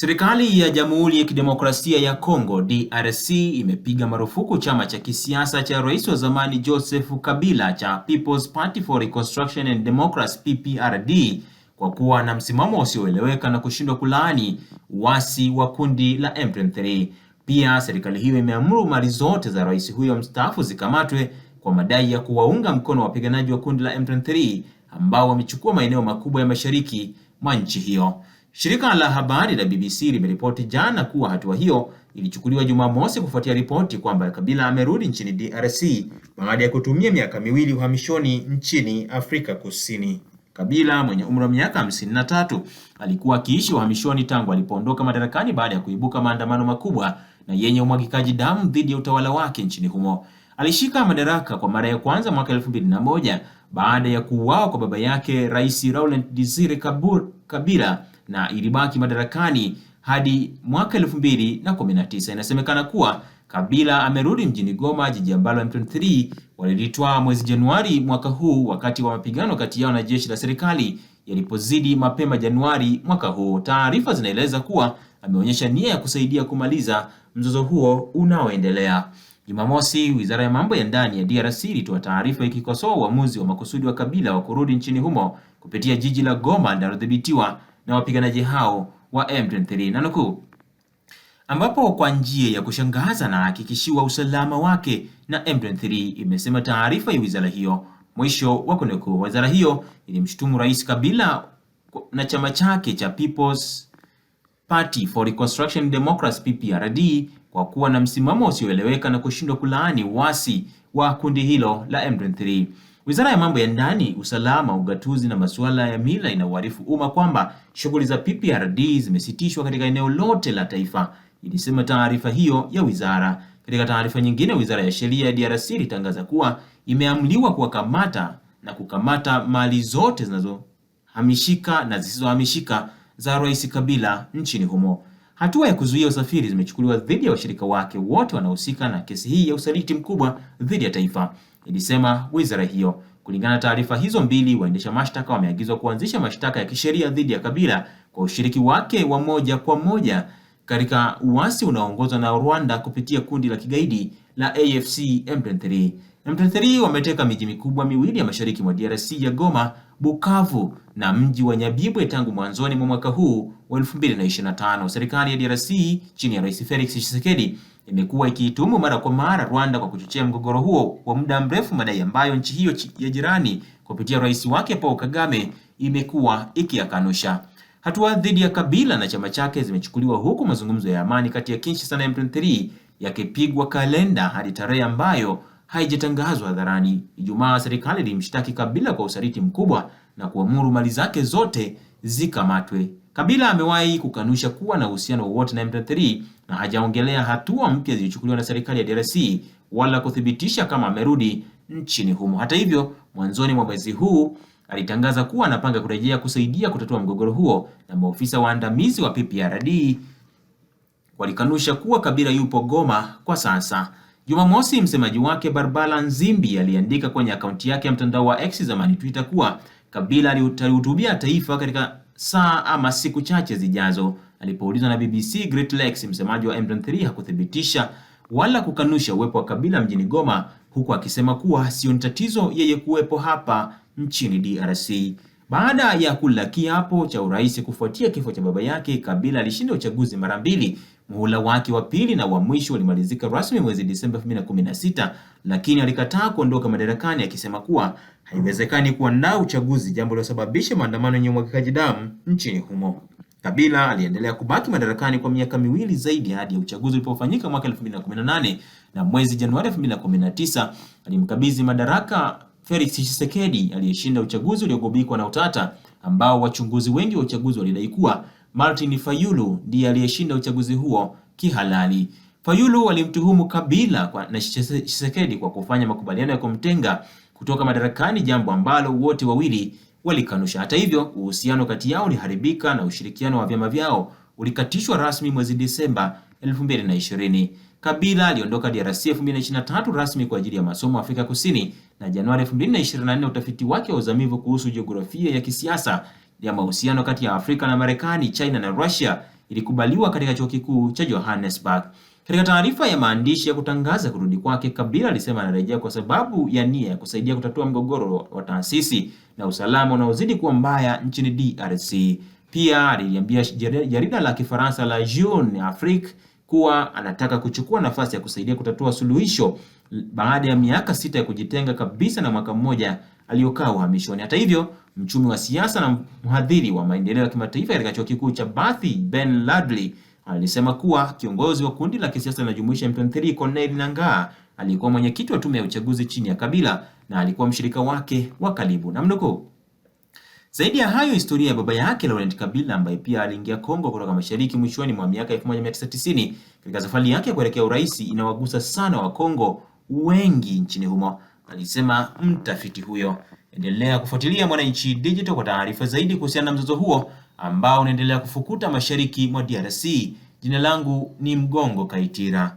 Serikali ya Jamhuri ya Kidemokrasia ya Kongo DRC imepiga marufuku chama cha kisiasa cha rais wa zamani Joseph Kabila cha People's Party for Reconstruction and Democracy PPRD kwa kuwa na msimamo usioeleweka na kushindwa kulaani uasi wa kundi la M23. Pia serikali hiyo imeamuru mali zote za rais huyo mstaafu zikamatwe kwa madai ya kuwaunga mkono wapiganaji wa kundi la M23 ambao wamechukua maeneo makubwa ya mashariki mwa nchi hiyo. Shirika la habari la BBC limeripoti jana kuwa hatua hiyo ilichukuliwa Jumamosi kufuatia ripoti kwamba Kabila amerudi nchini DRC baada ya kutumia miaka miwili uhamishoni nchini Afrika Kusini. Kabila mwenye umri wa miaka 53 tatu alikuwa akiishi uhamishoni tangu alipoondoka madarakani baada ya kuibuka maandamano makubwa na yenye umwagikaji damu dhidi ya utawala wake nchini humo. Alishika madaraka kwa mara ya kwanza mwaka moja baada ya kuuawa kwa baba yake Rais Laurent Desire Kabila na ilibaki madarakani hadi mwaka 2019. Inasemekana kuwa Kabila amerudi mjini Goma, jiji ambalo M23 walilitwaa mwezi Januari mwaka huu wakati wa mapigano kati yao na jeshi la serikali yalipozidi mapema Januari mwaka huu. Taarifa zinaeleza kuwa ameonyesha nia ya kusaidia kumaliza mzozo huo unaoendelea. Jumamosi, Wizara ya Mambo ya Ndani ya DRC ilitoa taarifa ikikosoa uamuzi wa makusudi wa Kabila wa kurudi nchini humo kupitia jiji la Goma linalodhibitiwa na wapiganaji hao wa M23 na nukuu, ambapo kwa njia ya kushangaza na hakikishiwa usalama wake na M23, imesema taarifa ya wizara hiyo, mwisho wa kunukuu. Wizara hiyo ilimshutumu Rais Kabila na chama chake cha People's Party for Reconstruction Democracy PPRD kwa kuwa na msimamo usioeleweka na kushindwa kulaani uasi wa kundi hilo la M23. Wizara ya Mambo ya Ndani, Usalama, Ugatuzi na Masuala ya Mila inauarifu umma kwamba shughuli za PPRD zimesitishwa katika eneo lote la taifa, ilisema taarifa hiyo ya wizara. Katika taarifa nyingine, Wizara ya Sheria ya DRC ilitangaza kuwa imeamliwa kuwakamata na kukamata mali zote zinazohamishika na zisizohamishika za Rais Kabila nchini humo. Hatua ya kuzuia usafiri zimechukuliwa dhidi ya washirika wake wote wanaohusika na kesi hii ya usaliti mkubwa dhidi ya taifa, ilisema wizara hiyo. Kulingana na taarifa hizo mbili, waendesha mashtaka wameagizwa kuanzisha mashtaka ya kisheria dhidi ya Kabila kwa ushiriki wake wa moja kwa moja katika uasi unaoongozwa na Rwanda kupitia kundi la kigaidi la AFC M23. M23 wameteka miji mikubwa miwili ya mashariki mwa DRC ya Goma Bukavu na mji wa Nyabibwe tangu mwanzoni mwa mwaka huu wa 2025. Serikali ya DRC chini ya Rais Felix Tshisekedi imekuwa ikiitumu mara kwa mara Rwanda kwa kuchochea mgogoro huo kwa muda mrefu, madai ambayo nchi hiyo ya jirani kupitia rais wake Paul Kagame imekuwa ikiyakanusha. Hatua dhidi ya Kabila na chama chake zimechukuliwa huku mazungumzo ya amani kati ya Kinshasa na M23 yakipigwa kalenda hadi tarehe ambayo haijatangazwa hadharani. Ijumaa serikali ilimshtaki Kabila kwa usaliti mkubwa na kuamuru mali zake zote zikamatwe. Kabila amewahi kukanusha kuwa na uhusiano wowote na M23 na hajaongelea hatua mpya zilizochukuliwa na serikali ya DRC wala kuthibitisha kama amerudi nchini humo. Hata hivyo, mwanzoni mwa mwezi huu alitangaza kuwa anapanga kurejea kusaidia kutatua mgogoro huo, na maofisa waandamizi wa PPRD walikanusha kuwa Kabila yupo Goma kwa sasa. Jumamosi, msemaji wake Barbara Nzimbi aliandika kwenye akaunti yake ya mtandao wa X zamani Twitter kuwa Kabila atalihutubia taifa katika saa ama siku chache zijazo. Alipoulizwa na BBC Great Lakes, msemaji wa M23 hakuthibitisha wala kukanusha uwepo wa Kabila mjini Goma, huku akisema kuwa sio tatizo yeye kuwepo hapa nchini DRC. Baada ya kula kiapo cha urais kufuatia kifo cha baba yake, Kabila alishinda uchaguzi mara mbili Muhula wake wa pili na wa mwisho ulimalizika rasmi mwezi Disemba 2016, lakini alikataa kuondoka madarakani akisema kuwa haiwezekani kuandaa uchaguzi, jambo lilosababisha maandamano yenye umwagikaji damu nchini humo. Kabila aliendelea kubaki madarakani kwa miaka miwili zaidi hadi ya uchaguzi ulipofanyika mwaka 2018, na mwezi Januari 2019 alimkabidhi madaraka Felix Tshisekedi aliyeshinda uchaguzi uliogubikwa na utata ambao wachunguzi wengi wa uchaguzi walidai kuwa Martin Fayulu ndiye aliyeshinda uchaguzi huo kihalali. Fayulu alimtuhumu Kabila na Tshisekedi kwa kufanya makubaliano ya kumtenga kutoka madarakani, jambo ambalo wote wawili walikanusha. Hata hivyo, uhusiano kati yao uliharibika na ushirikiano wa vyama vyao ulikatishwa rasmi mwezi Disemba 2020. Kabila aliondoka DRC 2023 rasmi kwa ajili ya masomo Afrika Kusini, na Januari 2024 utafiti wake wa uzamivu kuhusu jiografia ya kisiasa ya mahusiano kati ya Afrika na Marekani, China na Russia ilikubaliwa katika chuo kikuu cha Johannesburg. Katika taarifa ya maandishi ya kutangaza kurudi kwake, Kabila alisema anarejea kwa sababu ya nia ya kusaidia kutatua mgogoro wa taasisi na usalama unaozidi kuwa mbaya nchini DRC. Pia aliliambia jarida la Kifaransa la Jeune Afrique kuwa anataka kuchukua nafasi ya kusaidia kutatua suluhisho baada ya miaka sita ya kujitenga kabisa na mwaka mmoja aliyokaa uhamishoni. Hata hivyo, mchumi wa siasa na mhadhiri wa maendeleo ya kimataifa katika chuo kikuu cha Bathi, Ben Ladli alisema kuwa kiongozi wa kundi la kisiasa linajumuisha M23 Corneille Nangaa alikuwa mwenyekiti wa tume ya uchaguzi chini ya Kabila na alikuwa mshirika wake wa karibu, namnukuu. Zaidi ya hayo, historia ya baba yake Laurent Kabila ambaye pia aliingia Kongo kutoka mashariki mwishoni mwa miaka 1990 katika safari yake kuelekea urais inawagusa sana Wakongo wengi nchini humo alisema mtafiti huyo. Endelea kufuatilia Mwananchi Digital kwa taarifa zaidi kuhusiana na mzozo huo ambao unaendelea kufukuta mashariki mwa DRC. Jina langu ni Mgongo Kaitira.